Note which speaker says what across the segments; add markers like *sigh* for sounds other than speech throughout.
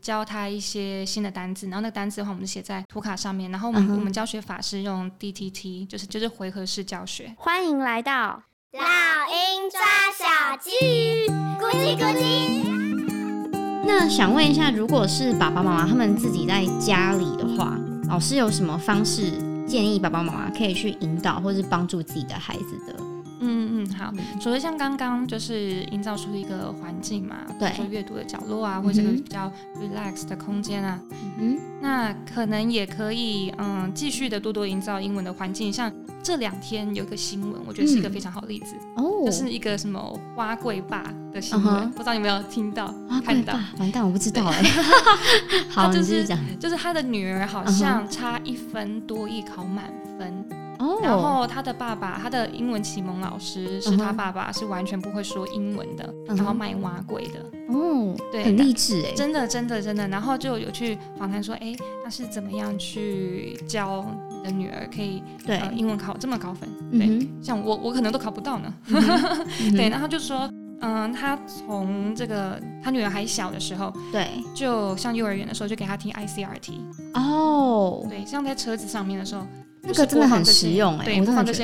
Speaker 1: 教他一些新的單字，然後那個單字的話，我們就寫在圖卡上面。然後我們、uh huh. 我們教學法是用 DTT，就是就是回合式教學。
Speaker 2: 歡迎來到老
Speaker 1: 英抓小雞，咕
Speaker 2: 嘰咕嘰。那想問一下，如果是爸爸媽媽他們自己在家裡的話，老、哦、師有什麼方式建議爸爸媽媽可以去引導或是幫助自己的孩子的？
Speaker 1: 嗯好，除了像剛剛就是營造出一個環境嘛，對，比如閱讀的角落啊，或者一個比較 relax 的空間啊，嗯哼，那可能也可以，嗯，繼續的多多營造英文的環境。像這兩天有一個新聞，我覺得是一個非常好的例子、嗯、哦，就是一個什麼花貴壩的新聞，嗯、哼不知道你有沒有聽到看到？
Speaker 2: 完蛋，我不知道哎。對好，就是就
Speaker 1: 是他的女兒好像差一分多一考滿分。Oh. 然後他的爸爸，他的英文啟蒙老師是他爸爸，是完全不會說英文的，uh huh. 然後賣瓦罐的哦，很勵志哎、欸，真的真的真的。然後就有去訪談說，哎、欸，那是怎麼樣去教你的女兒可以對、呃、英文考這麼高分？對，mm hmm. 像我我可能都考不到呢。 *laughs* mm hmm. mm hmm. 對，然後就說，嗯，他從這個他女兒還小的時候，對，就上幼兒園的時候就給他聽 I C R T 哦，oh. 對，像在車子上面的時候。
Speaker 2: 那個真的很實用哎，我真的很
Speaker 1: 覺
Speaker 2: 得。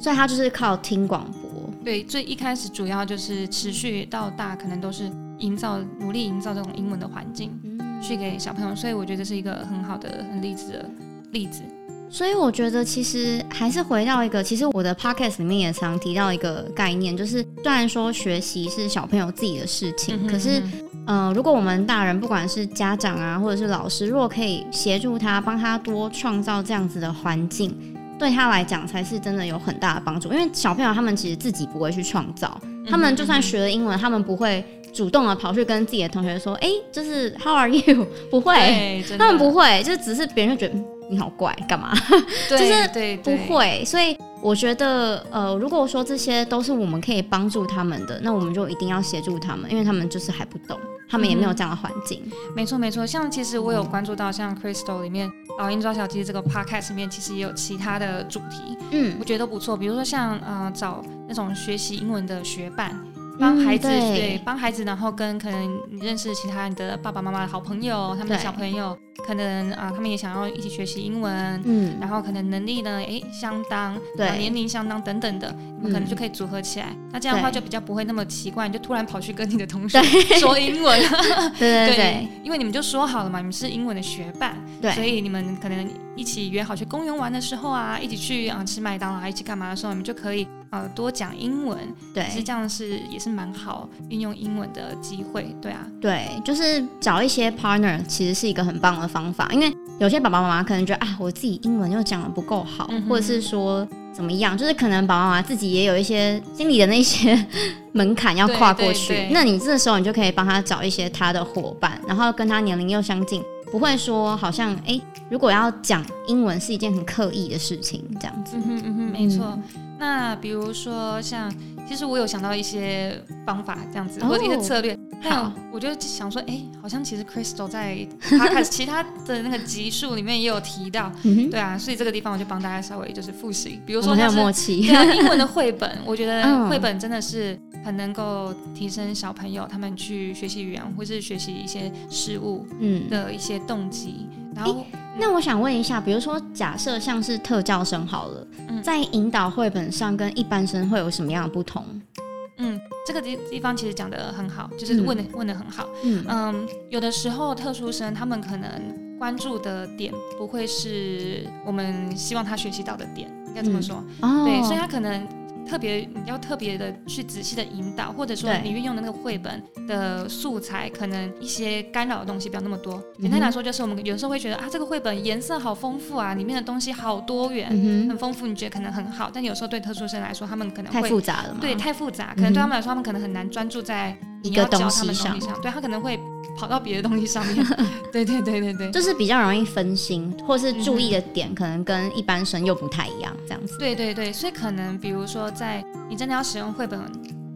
Speaker 2: 所以他就是靠聽廣播，
Speaker 1: 對，所以一開始主要就是持續到大，可能都是營造、努力營造這種英文的環境，去給小朋友。所以我覺得這是一個很好的、很勵志的例子。
Speaker 2: 所以我覺得其實還是回到一個，其實我的 podcast 裡面也常提到一個概念，就是雖然說學習是小朋友自己的事情，可是、嗯嗯。嗯、呃，如果我們大人不管是家長啊，或者是老師，如果可以協助他，幫他多創造這樣子的環境，對他來講才是真的有很大的幫助。因為小朋友他們其實自己不會去創造，他們就算學了英文，嗯、哼哼他們不會主動的跑去跟自己的同學說：“哎、嗯，這、就是 How are you？” 不會，他們不會，就是只是別人會覺得你好怪，幹嘛？ *laughs* 就是對，對對不會，所以。我覺得，呃，如果說這些都是我們可以幫助他們的，那我們就一定要協助他們，因為他們就是還不懂，他們也沒有這樣的環境。嗯、
Speaker 1: 沒錯，沒錯。像其實我有關注到像 Crystal 裡面《老英抓小雞》這個 Podcast 裡面，其實也有其他的主題，嗯，我覺得都不錯。比如說像呃，找那種學習英文的學伴，
Speaker 2: 幫孩子、嗯、對，對，
Speaker 1: 幫孩子，然後跟可能你認識其他的，你的爸爸媽媽的好朋友，他們的小朋友。可能啊、呃，他們也想要一起學習英文，嗯，然後可能能力呢，哎，相當，對，年齡相當等等的，你們、嗯、可能就可以組合起來。嗯、那這樣的話就比較不會那麼奇怪，對你就突然跑去跟你的同學說英文。對， *laughs* 對對，對，對，因為你們就說好了嘛，你們是英文的學伴，對，所以你們可能一起約好去公園玩的時候啊，一起去啊、呃、吃麥當勞，一起幹嘛的時候，你們就可以呃多講英文。對，其實這樣是也是蠻好運用英文的機會。對啊，
Speaker 2: 對，就是找一些 partner，其實是一個很棒的方法，因為有些爸爸媽媽可能覺得啊，我自己英文又講得不夠好，嗯、哼或者是說怎麼樣，就是可能爸爸媽媽自己也有一些心理的那些 *laughs* 門檻要跨過去。對對對，那你這時候你就可以幫他找一些他的夥伴，然後跟他年齡又相近，不會說好像哎、欸，如果要講英文是一件很刻意的事情這樣
Speaker 1: 子。嗯哼嗯嗯，沒錯。嗯、那比如說像，其實我有想到一些方法這樣子，然後、哦、一些策略。好我就想說，哎、欸，好像其實 Crystal 在他他其他的那個集數裡面也有提到， *laughs* 對啊，所以這個地方我就幫大家稍微就是複習，比如說沒有默契，對英文的繪本， *laughs* 我覺得繪本真的是很能夠提升小朋友他們去學習語言或是學習一些事物嗯的
Speaker 2: 一些動機。嗯、然後，欸嗯、那我想問一下，比如說假設像是特教生好了，嗯、在引導繪本上跟一般生會有什麼樣的不同？
Speaker 1: 這個地，地方其實講得很好，就是問的、嗯、問得很好。嗯，嗯有的時候特殊生他們可能關注的點不會是我們希望他學習到的點，應該這麼說。嗯、對，哦、所以他可能。特別要特別的去仔細的引導，或者說你運用的那個繪本的素材，對可能一些干擾的東西不要那麼多。簡單、嗯哼欸、來說，就是我們有時候會覺得啊，這個繪本顏色好豐富啊，裡面的東西好多元，嗯、哼很豐富，你覺得可能很好，但有時候對特殊生來說，他們可能會太複雜了，對，太複
Speaker 2: 雜，可能對他們來說，
Speaker 1: 嗯、哼他們可能很難專注在。一個東西上，東西上，對他可能會跑到別的東西上面。 *laughs* 對對對對對，對，就是
Speaker 2: 比較容易分心，或是注意的點，嗯哼，可能跟一般生又不太一樣，這樣子。
Speaker 1: 對對對，所以可能比如說，在你真的要使用繪本，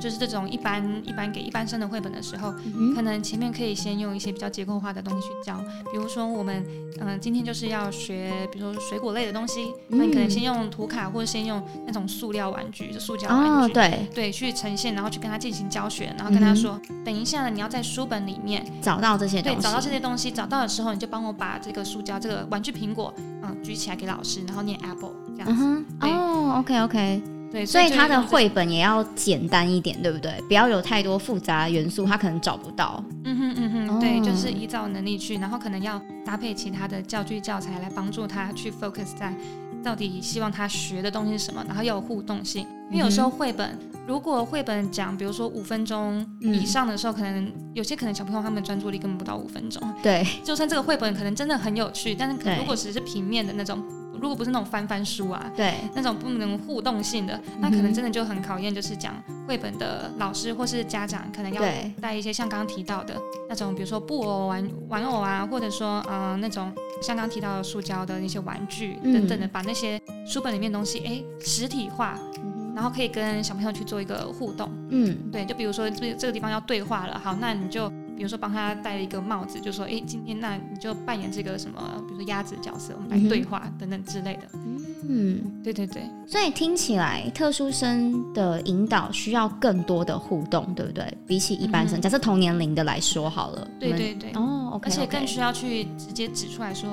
Speaker 1: 就是這種一般一般給一般生的繪本的時候，嗯、哼可能前面可以先用一些比較結構化的東西去教，比如說我們嗯、呃、今天就是要學，比如說水果類的東西，嗯、那你可能先用圖卡或者先用那種塑料玩具，就塑膠玩具，哦、對對，去呈現，然後去跟他進行教學，然後跟他說，嗯、哼等一下呢你要在書本裡面
Speaker 2: 找到這些東西，對，找到這些
Speaker 1: 東西，找到的時候你就幫我把這個塑膠這個玩具蘋果，嗯、呃、舉起來給老師，然後念 apple，這
Speaker 2: 樣子，嗯、哼對哦，OK OK。
Speaker 1: 對，所以、這個、所以他的繪
Speaker 2: 本也要簡單一點，對不對？不要有太多複雜的元素，他可能找不到。
Speaker 1: 嗯哼嗯哼，對，哦、就是依照能力去，然後可能要搭配其他的教具教材來幫助他去 focus 在到底希望他學的東西是什麼，然後要有互動性，因為有時候繪本、嗯、哼如果繪本講，比如說五分鐘以上的時候，嗯、可能有些可能小朋友他們專注力根本不到五分鐘。對，就算這個繪本可能真的很有趣，但是可如果只是平面的那種。如果不是那種翻翻書啊，對，那種不能互動性的，嗯、哼那可能真的就很考驗，就是講繪本的老師或是家長，可能要帶一些像剛剛提到的那種，對比如說布偶玩玩偶啊，或者說嗯、呃、那種像剛提到的塑膠的那些玩具等等的，嗯、把那些書本裡面的東西誒、欸、實體化，嗯、哼然後可以跟小朋友去做一個互動。嗯，對，就比如說這這個地方要對話了，好，那你就。比如說幫他戴了一個帽子，就說：“哎、欸，今天那、啊、你就扮演這個什麼，比如說鴨子角色，我們來對話等等之類的。”嗯，對
Speaker 2: 對對。所以聽起來特殊生的引導需要更多的互動，對不對？比起一般生，嗯哼，假設同年齡的來說好了。對對對。
Speaker 1: 哦，okay，OK。而且更需要去直接指出來說，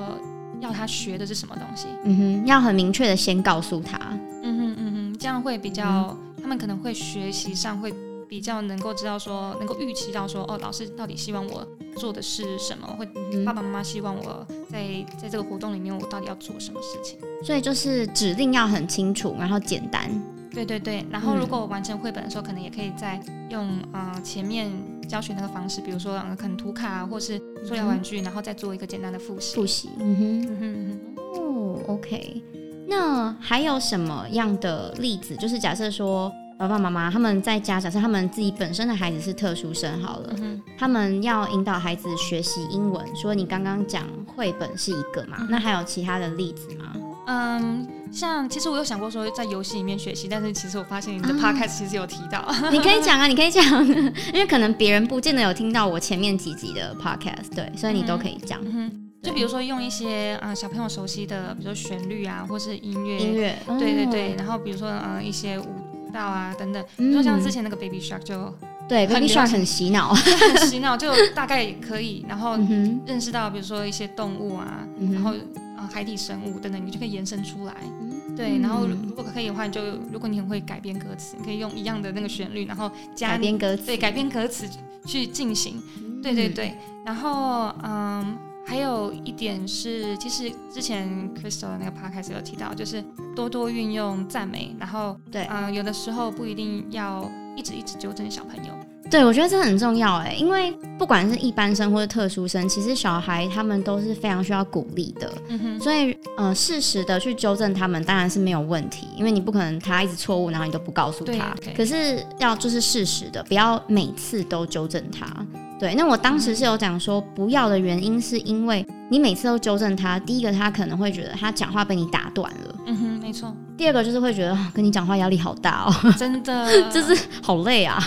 Speaker 1: 要他學的是什麼東西。嗯
Speaker 2: 哼，要很明確的先告訴他。嗯
Speaker 1: 哼嗯哼，這樣會比較，嗯哼，他們可能會學習上會。比較能夠知道說，能夠預期到說，哦，老師到底希望我做的是什麼？或爸爸媽媽希望我在在這個活動裡面，我到底要做什麼事情？
Speaker 2: 所以就是指令要很清楚，然後簡單。
Speaker 1: 對對對。然後如果我完成繪本的時候，嗯、可能也可以再用呃前面教學那個方式，比如說可能圖卡或是塑料玩具，嗯、然後再做一個簡單的複習。
Speaker 2: 複習。嗯哼。嗯哼，哦，OK。那還有什麼樣的例子？就是假設說。爸爸媽媽他們在家長。假設他們自己本身的孩子是特殊生，好了，嗯、哼他們要引導孩子學習英文。說你剛剛講繪本是一個嘛？嗯、哼那還有其他的例子嗎？
Speaker 1: 嗯，像其實我有想過說在遊戲裡面學習，但是其實我發現你的 podcast、啊、其實有提到， *laughs* 你可以講啊，你可
Speaker 2: 以講，因為可能別人不見得有聽到我前面幾集的 podcast，對，所以你都可以講。嗯，
Speaker 1: 就比如說用一些啊對、呃、小朋友熟悉的，比如說旋律啊，或是音樂，音樂樂，對對對。哦、然後比如說嗯、呃、一些舞。到啊等等，比如說像之前那個 Baby Shark 就、嗯、
Speaker 2: 對 Baby Shark 很洗腦，
Speaker 1: 很洗腦， *laughs* 就大概可以，然後認識到比如說一些動物啊，嗯、哼然後啊海底生物等等，你就可以延伸出來，嗯、哼對。然後如果可以的話你就，就如果你很會改編歌詞，你可以用一樣的那個旋律，然後加編歌詞，對，改編歌詞去進行，嗯、哼對對對。然後嗯。還有一點是，其實之前 Crystal 那個 part 開始有提到，就是多多運用讚美，然後對，啊、呃，有的時候不一定要一直一直糾正小朋友。
Speaker 2: 對，我覺得這很重要哎，因為不管是一般生或是特殊生，其實小孩他們都是非常需要鼓勵的。嗯哼。所以，嗯、呃，適時的去糾正他們，當然是沒有問題，因為你不可能他一直錯誤，然後你都不告訴他。可是要就是適時的，不要每次都糾正他。對，那我當時是有講說不要的原因，是因為你每次都糾正他。第一個，他可能會覺得他講話被你打斷了。嗯
Speaker 1: 哼，沒錯。
Speaker 2: 第二個就是會覺得跟你講話壓力好大哦，真的，就是好累啊，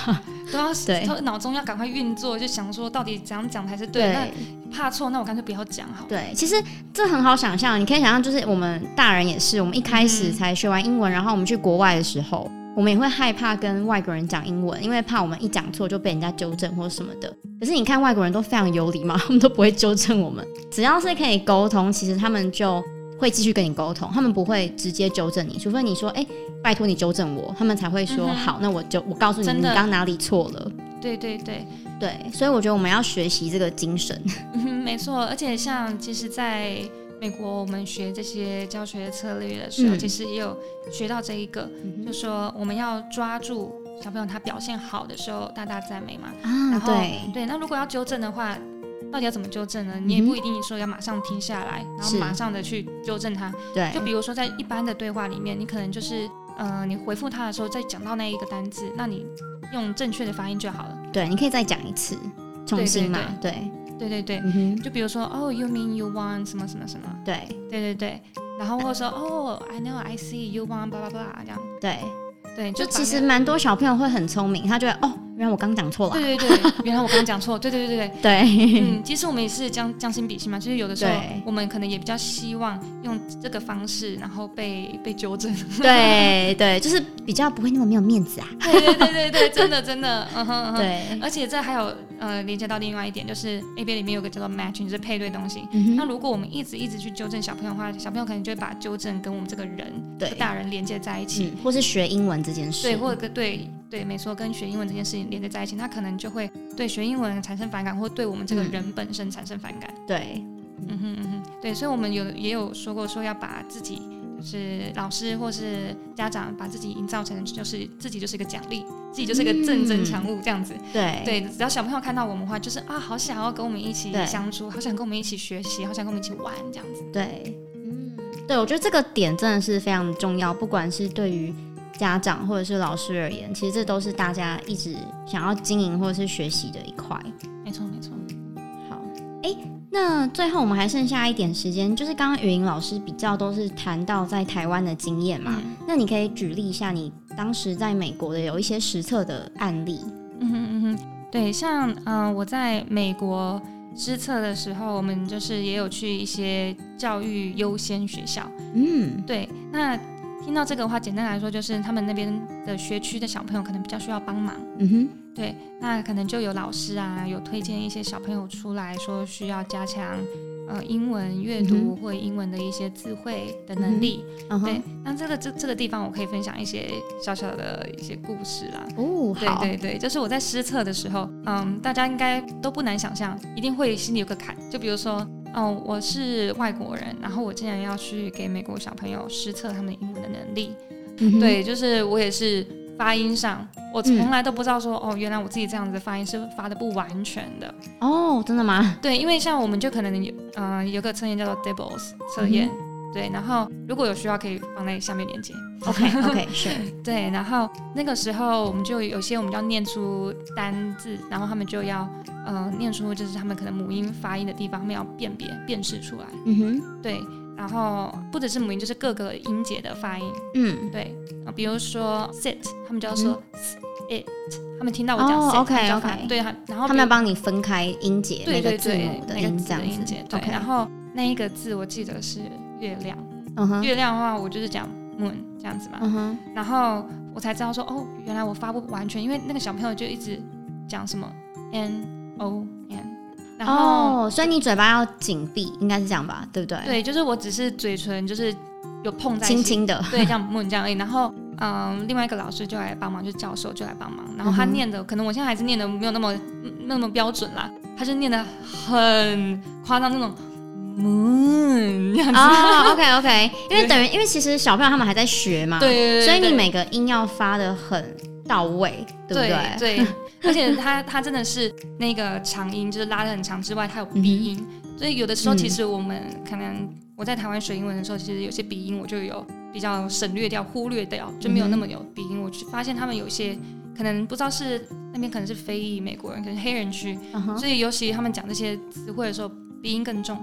Speaker 1: 都要後對腦中要趕快運作，就想說到底怎樣講才是對的，對那怕錯，那我乾脆不要講好了。
Speaker 2: 對，其實這很好想象，你可以想象就是我們大人也是，我們一開始才學完英文，嗯、然後我們去國外的時候。我們也會害怕跟外國人講英文，因為怕我們一講錯就被人家糾正或什麼的。可是你看，外國人都非常有禮嘛，他們都不會糾正我們。只要是可以溝通，其實他們就會繼續跟你溝通，他們不會直接糾正你，除非你說：“誒，拜托你糾正我。”他們才會說：“嗯、哼好，那我就我告訴你，的你剛哪裡錯了。”對對對對，所以我覺得我們要學習這個精神。嗯，
Speaker 1: 沒錯。而且像其實在，在美國，我們學這些教學策略的時候，嗯、其實也有學到這一個，嗯、哼就說我們要抓住小朋友他表現好的時候，大大讚美嘛。啊，然後對。對，那如果要糾正的話，到底要怎麼糾正呢？嗯、哼你也不一定說要馬上停下來，然後馬上的去糾正他。對是，就比如說在一般的對話裡面，對你可能就是，嗯、呃，你回復他的時候，再講到那一個單字，那你用正確的發音就好了。
Speaker 2: 對，你可以再講一次，重新嘛，對，對，對。對
Speaker 1: 對對對，就比如說哦，You mean you want 什麼什麼什麼？對對對對，然後或者說哦，I know I see you want blah blah blah 這樣。對對，就其實蠻多
Speaker 2: 小朋友會很聰明，他覺得哦，原來我剛講錯了。對對
Speaker 1: 對，原來我剛講錯。對對對對對，嗯，其實我們也是將將心比心嘛，就是有的時候我們可能也比較希望用這個方式，然後被被糾正。對對，就是
Speaker 2: 比較不會那麼沒有面子啊。對對對
Speaker 1: 對對，真的真的，對，而且這還有。呃，連接到另外一點就是 A B A 裡面有個叫做 matching 就是配對東西。嗯、哼那如果我們一直一直去糾正小朋友的話，小朋友可能就會把糾正跟我們這個人，對大人連接在一起、嗯，
Speaker 2: 或是學英文這件事。對，或者
Speaker 1: 跟對對，沒錯，跟學英文這件事情連接在一起，他可能就會對學英文產生反感，或對我們這個人本身產生反感。嗯、對，嗯哼嗯哼，對，所以我們有也有說過，說要把自己。是老師或是家長把自己營造成，就是自己就是一個獎勵，自己就是一個正增強物這樣子。
Speaker 2: 對對，
Speaker 1: 只要小朋友看到我們的話，就是啊，好想要跟我們一起相處，對好想跟我們一起學習，好想跟我們一起玩這樣子。
Speaker 2: 對，嗯，對，我覺得這個點真的是非常重要，不管是對於家長或者是老師而言，其實這都是大家一直想要經營或者是學習的一塊。沒錯，沒錯。哎、欸，那最後我們還剩下一點時間，就是剛剛雨林老師比較都是談到在台灣的經驗嘛，嗯、那你可以舉例一下你當時在美國的有一些實測的案例。嗯哼嗯嗯，對，像嗯、呃、我在美國實測的
Speaker 1: 時候，我們就是也有去一些教育優先學校。嗯，對，那聽到這個的話，簡單來說就是他們那邊的學區的小朋友可能比較需要幫忙。嗯哼。對，那可能就有老師啊，有推薦一些小朋友出來說需要加強呃英文閱讀或英文的一些詞彙的能力。嗯、哼對，那這個這這個地方我可以分享一些小小的一些故事啦。哦，對好對對，就是我在施測的時候，嗯，大家應該都不難想象，一定會心裡有個坎。就比如說，嗯，我是外國人，然後我竟然要去給美國小朋友施測他們英文的能力。嗯、哼對，就是我也是發音上。我從來都不知道說、嗯、哦，原來我自己這樣子的發音是發的不完全的
Speaker 2: 哦，真的嗎？對，因為像
Speaker 1: 我們就可能嗯有,、呃、有個測驗叫做 DIBELS 測驗、嗯哼，對，然後如果有需要可以放在下面連結。OK OK 是、sure.。對，然後那個時候我們就有些我們要念出單字，然後他們就要嗯、呃，念出就是他們可能母音發音的地方，他們要辨別辨識出來。嗯哼，對。然後不只是母音，就是各個音節的發音。嗯，對，比如說 sit，他們就要說 it。他們聽到我講 sit，、哦 okay, 就要 okay. 對他。然後他們要幫你
Speaker 2: 分開音節，每個字母的音,對對對、那個字的音節。對，okay. 然後
Speaker 1: 那一個字我記得是月亮。Uh huh. 月亮的話，我就是講 moon 這樣子嘛。Uh huh. 然後我才知道說，哦，原來我發不完全，因為那個小朋友就一直講什麼 n o。哦，然後 oh, 所以你
Speaker 2: 嘴巴要緊閉，應該是這樣吧，對不對？對，就
Speaker 1: 是我只是嘴唇就是有碰在一起，輕輕的，對，這樣嗯 *laughs* 這樣而已，然後嗯、呃，另外一個老師就來幫忙，就是、教授就來幫忙，然後他念的、嗯、哼可能我現在還是念的沒有那麼那麼標準啦，他就念的很
Speaker 2: 誇張那種嗯啊、oh,，OK OK， *laughs* 因為等於因,為因為其實小朋友他們還在學嘛，對，對對所以你每個音要發的很到位，對不對？對。對 *laughs*
Speaker 1: *laughs* 而且，他他真的是那個長音，就是拉得很長之外，他有鼻音，嗯、哼所以有的時候其實我們可能我在台灣學英文的時候，其實有些鼻音我就有比較省略掉、忽略掉，就沒有那麼有鼻音。嗯、哼我就發現他們有些可能不知道是那邊可能是非裔美國人，可能是黑人區，嗯、哼所以尤其他們講這些詞彙的時候鼻音更重，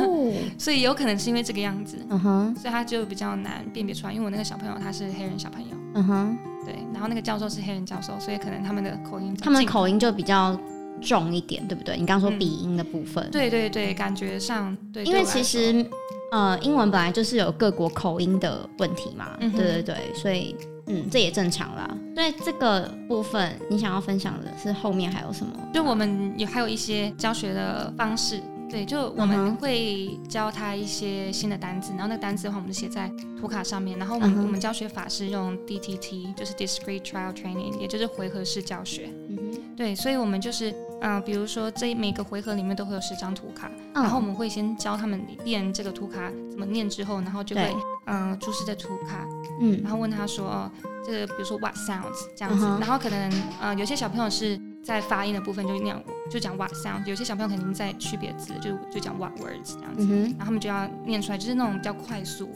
Speaker 1: *laughs* 所以有可能是因為這個樣子，嗯、哼所以他就比較難辨別出來。因為我那個小朋友他是黑人小朋友。嗯哼對，然後那個教授是黑人教授，所以可能他們的口音，他們
Speaker 2: 的口音就比較重一點，對不對？你剛剛說鼻音的部分、嗯，對
Speaker 1: 對對，感覺上對，對，因為其實
Speaker 2: 呃，英文本來就是有各國口音的問題嘛，嗯、哼對對對，所以嗯，這也正常啦。對這個部分，你想要分享的是後面還有什麼？就我們有還有一些教學的方式。
Speaker 1: 對，就我們會教他一些新的單詞，uh huh. 然後那個單詞的話，我們就寫在圖卡上面。然後我們、uh huh. 我們教學法是用 DTT，就是 Discrete Trial Training，也就是回合式教學。嗯哼、uh。Huh. 對，所以我們就是，嗯、呃，比如說這每個回合裡面都會有十張圖卡，uh huh. 然後我們會先教他們念這個圖卡怎麼念，之後，然後就會，嗯對，出示這圖卡，嗯，然後問他說，這個比如說 what sounds 這樣子，uh huh. 然後可能，呃，有些小朋友是。在發音的部分就念，就講 what sound，有些小朋友肯定在區別字，就就講 what words 這樣子，嗯、哼然後他們就要念出來，就是那種比較快速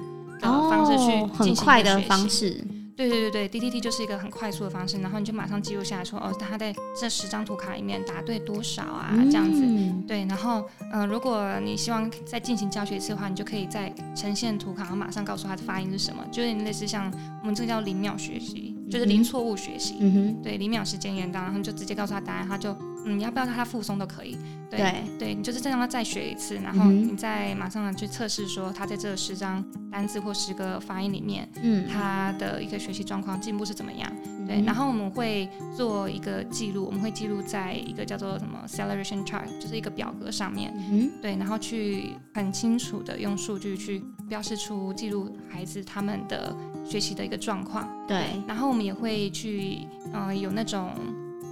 Speaker 1: 的方式去、哦，很快的方式。對對對對，DTT 就是一個很快速的方式，然後你就馬上記錄下來說，說哦，他在這十張圖卡裡面答對多少啊，嗯、這樣子。對，然後嗯、呃，如果你希望再進行教學一次的話，你就可以再呈現圖卡，然後馬上告訴他的發音是什麼，就是、類似像我們這個叫零秒學習，就是零錯誤學習。嗯、哼對，零秒時間延宕，然後就直接告訴他答案，他就。嗯，你要不要讓他復誦都可以。對對，對，你就是再讓他再學一次，然後你再馬上去測試，說他在這十張單字或十個發音裡面，嗯，他的一個學習狀況進步是怎麼樣？嗯、對，然後我們會做一個記錄，我們會記錄在一個叫做什麼 Celeration Chart，就是一個表格上面，嗯，對，然後去很清楚的用數據去標示出記錄孩子他們的學習的一個狀況。對，然後我們也會去，嗯、呃，有那種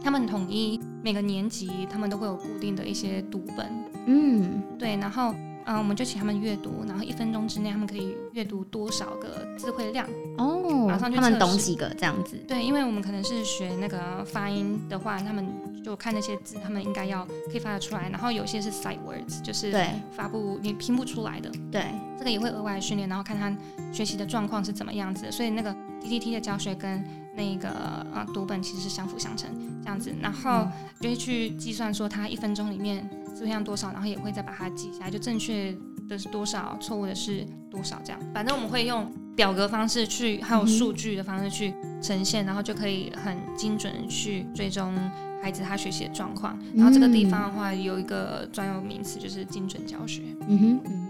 Speaker 1: 他們統一。每個年級他們都會有固定的一些讀本，
Speaker 2: 嗯，
Speaker 1: 對，然後，嗯、呃，我們就請他們閱讀，然後一分鐘之內他們可以閱讀多少個詞彙量哦，
Speaker 2: 馬上就他們懂幾個這樣子？
Speaker 1: 對，因為我們可能是學那個發音的話，他們就看那些字，他們應該要可以發得出來，然後有些是 sight words，就是發不你對拼不出來的，對，這個也會額外訓練，然後看他學習的狀況是怎麼樣子的，所以那個 DTT 的教學跟。那個啊，讀本其實是相輔相成這樣子，然後就會去計算說他一分鐘裡面數量多少，然後也會再把它記下來，就正確的是多少，錯誤的是多少這樣。反正我們會用表格方式去，還有數據的方式去呈現，嗯哼，然後就可以很精準去追蹤孩子他學習的狀況。然後這個地方的話，有一個專用名詞就是精
Speaker 2: 準教學。嗯哼。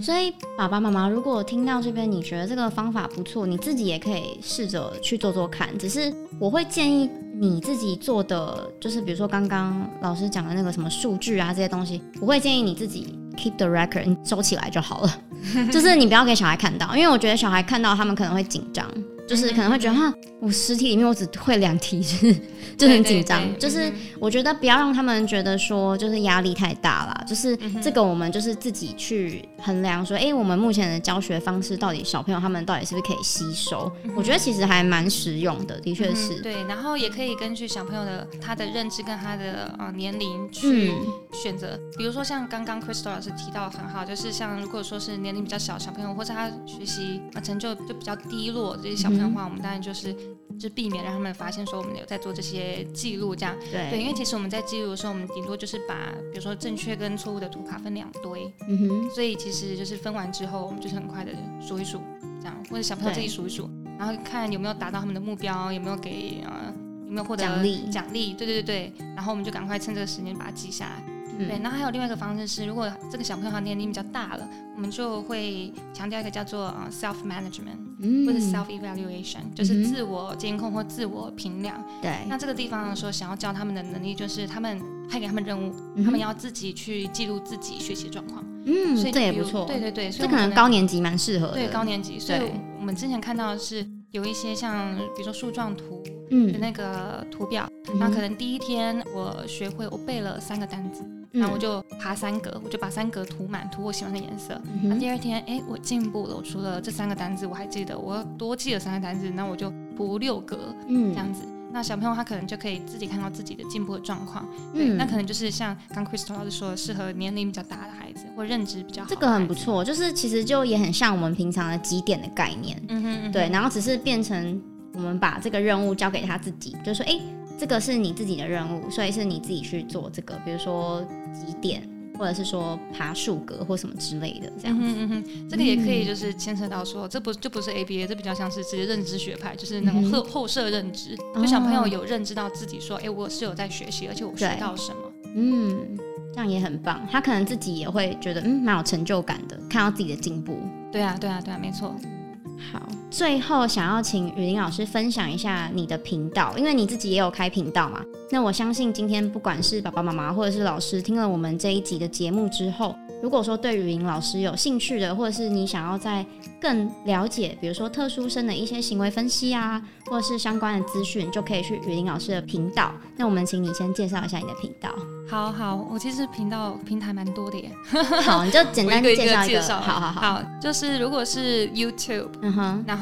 Speaker 2: 所以爸爸媽媽，如果聽到這邊，你覺得這個方法不錯，你自己也可以試着去做做看。只是我會建議你自己做的，就是比如說剛剛老師講的那個什麼數據啊這些東西，我會建議你自己 keep the record，你收起來就好了。 *laughs* 就是你不要給小孩看到，因為我覺得小孩看到他們可能會緊張，就是可能會覺得哈。我十題裡面我只會兩題，就是，就是就很緊張。對對對，就是我覺得不要讓他們覺得說就是壓力太大了。嗯、哼就是這個我們就是自己去衡量說，誒、嗯哼欸、我們目前的教學方式到底小朋友他們到底是不是可以吸收？嗯、哼我覺得其實還蠻實用的，的確是、嗯。
Speaker 1: 對，然後也可以根據小朋友的他的認知跟他的呃年齡去選擇。嗯、比如說像剛剛 Crystal 老師提到的很好，就是像如果說是年齡比較小小朋友，或者他學習啊成就就比較低落這些小朋友的話，嗯、我們當然就是。就是避免讓他們發現說我們有在做這些記錄，這樣對，對，因為其實我們在記錄的時候，我們頂多就是把比如說正確跟錯誤的圖卡分兩堆，嗯哼，所以其實就是分完之後，我們就是很快的數一數，這樣或者小朋友自己數一數，對然後看有沒有達到他們的目標，有沒有給、呃、有沒有獲得獎勵獎勵，對對對對，然後我們就趕快趁這個時間把它記下來。嗯、對，然後還有另外一個方式是，如果這個小朋友他年齡比較大了，我們就會強調一個叫做呃 self management 或者、嗯、self evaluation，就是自我監控或自我評量。對、嗯，那這個地方的時候想要教他們的能力，就是他們派給他們任務，嗯、他們要自己去記錄自己學習狀況。
Speaker 2: 嗯，所以這也不錯。對對對，這可能高年級蠻適合的。對，高年級。所以
Speaker 1: 我們之前看到的是有一些像比如說樹狀圖，嗯，的那個圖表。那可能第一天我學會，我背了三個單字，然後我就爬三格，嗯、我就把三格塗滿，塗我喜歡的顏色。那、嗯哼啊、第二天，哎、欸，我進步了，除了這三個單字，我還記得，我多記了三個單字，那我就補六格，嗯、這樣子。那小朋友他可能就可以自己看到自己的進步的狀況。對，嗯、那可能就是像剛 Crystal 老師說的，適合年齡比較大的孩子或認知比較好，這
Speaker 2: 個很不錯，就是其實就也很像我們平常的集點的概念。嗯，哼嗯哼對，然後只是變成我們把這個任務交給他自己，就是、說，哎、欸。這個是你自己的任務，所以是你自己去做這個，比如說幾點，或者是說爬樹格或什麼之類的，這樣嗯嗯嗯，這個也可以，就
Speaker 1: 是牽扯到說，嗯、這不就不是 ABA，這比較像是直接認知學派，就是那種後後設認知，嗯、就小朋友有認知到自己說，哎、哦欸，我是有在學習，而且我學到
Speaker 2: 什麼。嗯，這樣也很棒，他可能自己也會覺得，嗯，蠻有成就感的，看到自己的進步。對啊，對啊，對啊，沒錯。好。最後，想要請雨林老師分享一下你的頻道，因為你自己也有開頻道嘛。那我相信今天不管是爸爸媽媽或者是老師，聽了我們這一集的節目之後，如果說對雨林老師有興趣的，或者是你想要再更了解，比如說特殊生的一些行為分析啊，或者是相關的資訊，就可以去雨林老師的頻道。那我們請你先介紹一下你的頻道。
Speaker 1: 好好，我其實頻道平台蠻多的耶。 *laughs* 好，你就簡單介紹一下。好好好，好，就是如果是 YouTube，嗯哼，然後。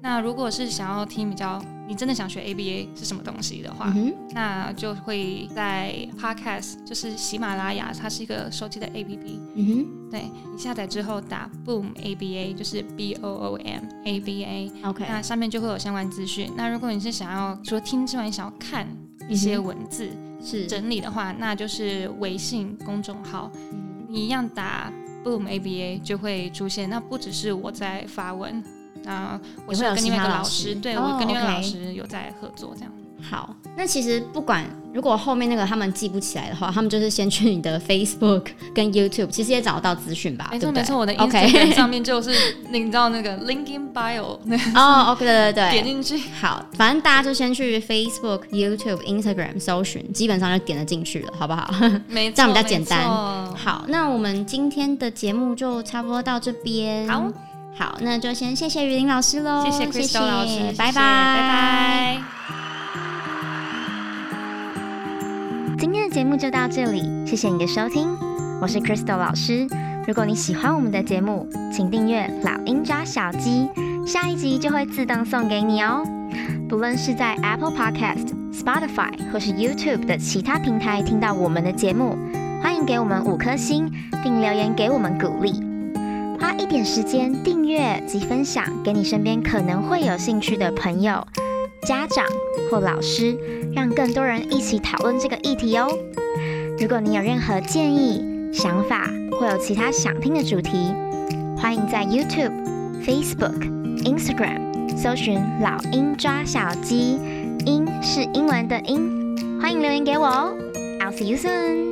Speaker 1: 那如果是想要聽比較，你真的想學 ABA 是什麼東西的話，mm hmm. 那就會在 Podcast，就是喜馬拉雅，它是一個手機的 APP、mm。Hmm. 對，你下載之後打 Boom ABA，就是 B O O M A B A。OK，那上面就會有相關資訊。那如果你是想要除了聽之外，你想要看一些文字是、mm hmm. 整理的話，那就是微信公眾號，mm hmm. 你一樣打 Boom ABA 就會出現。那不只是我在發文。那我會有另外一個老師，對我跟那個老師有在合作這
Speaker 2: 樣。好，那其實不管如果後面那個他們記不起來的話，他們就是先去你的 Facebook 跟 YouTube，其實也找得到資訊吧，對不對？沒錯沒錯，我的 Instagram 上面
Speaker 1: 就是你知道那個 link in bio
Speaker 2: 那哦，OK 對對對，點進去。好，反正大家就先去 Facebook、YouTube、Instagram 搜尋，基本上就點得進去了，好不好？沒錯，這樣比較簡單。好，那我們今天的節目就差不多到這邊。好。好，那就先謝謝雨林老師嘍，謝謝 Crystal 老師，拜拜，拜拜。今天的節目就到這裡，謝謝你的收聽，我是 Crystal 老師。如果你喜歡我們的節目，請訂閱《老英抓小雞》，下一集就會自動送給你哦。不論是在 Apple Podcast、Spotify 或是 YouTube 的其他平台聽到我們的節目，歡迎給我們五顆星，並留言給我們鼓勵。花一點時間訂閱及分享給你身邊可能會有興趣的朋友、家長或老師，讓更多人一起討論這個議題哦。如果你有任何建議、想法，或有其他想聽的主題，歡迎在 YouTube、Facebook、Instagram 搜尋“老英抓小雞”，英是英文的英。歡迎留言給我哦。I'll see you soon.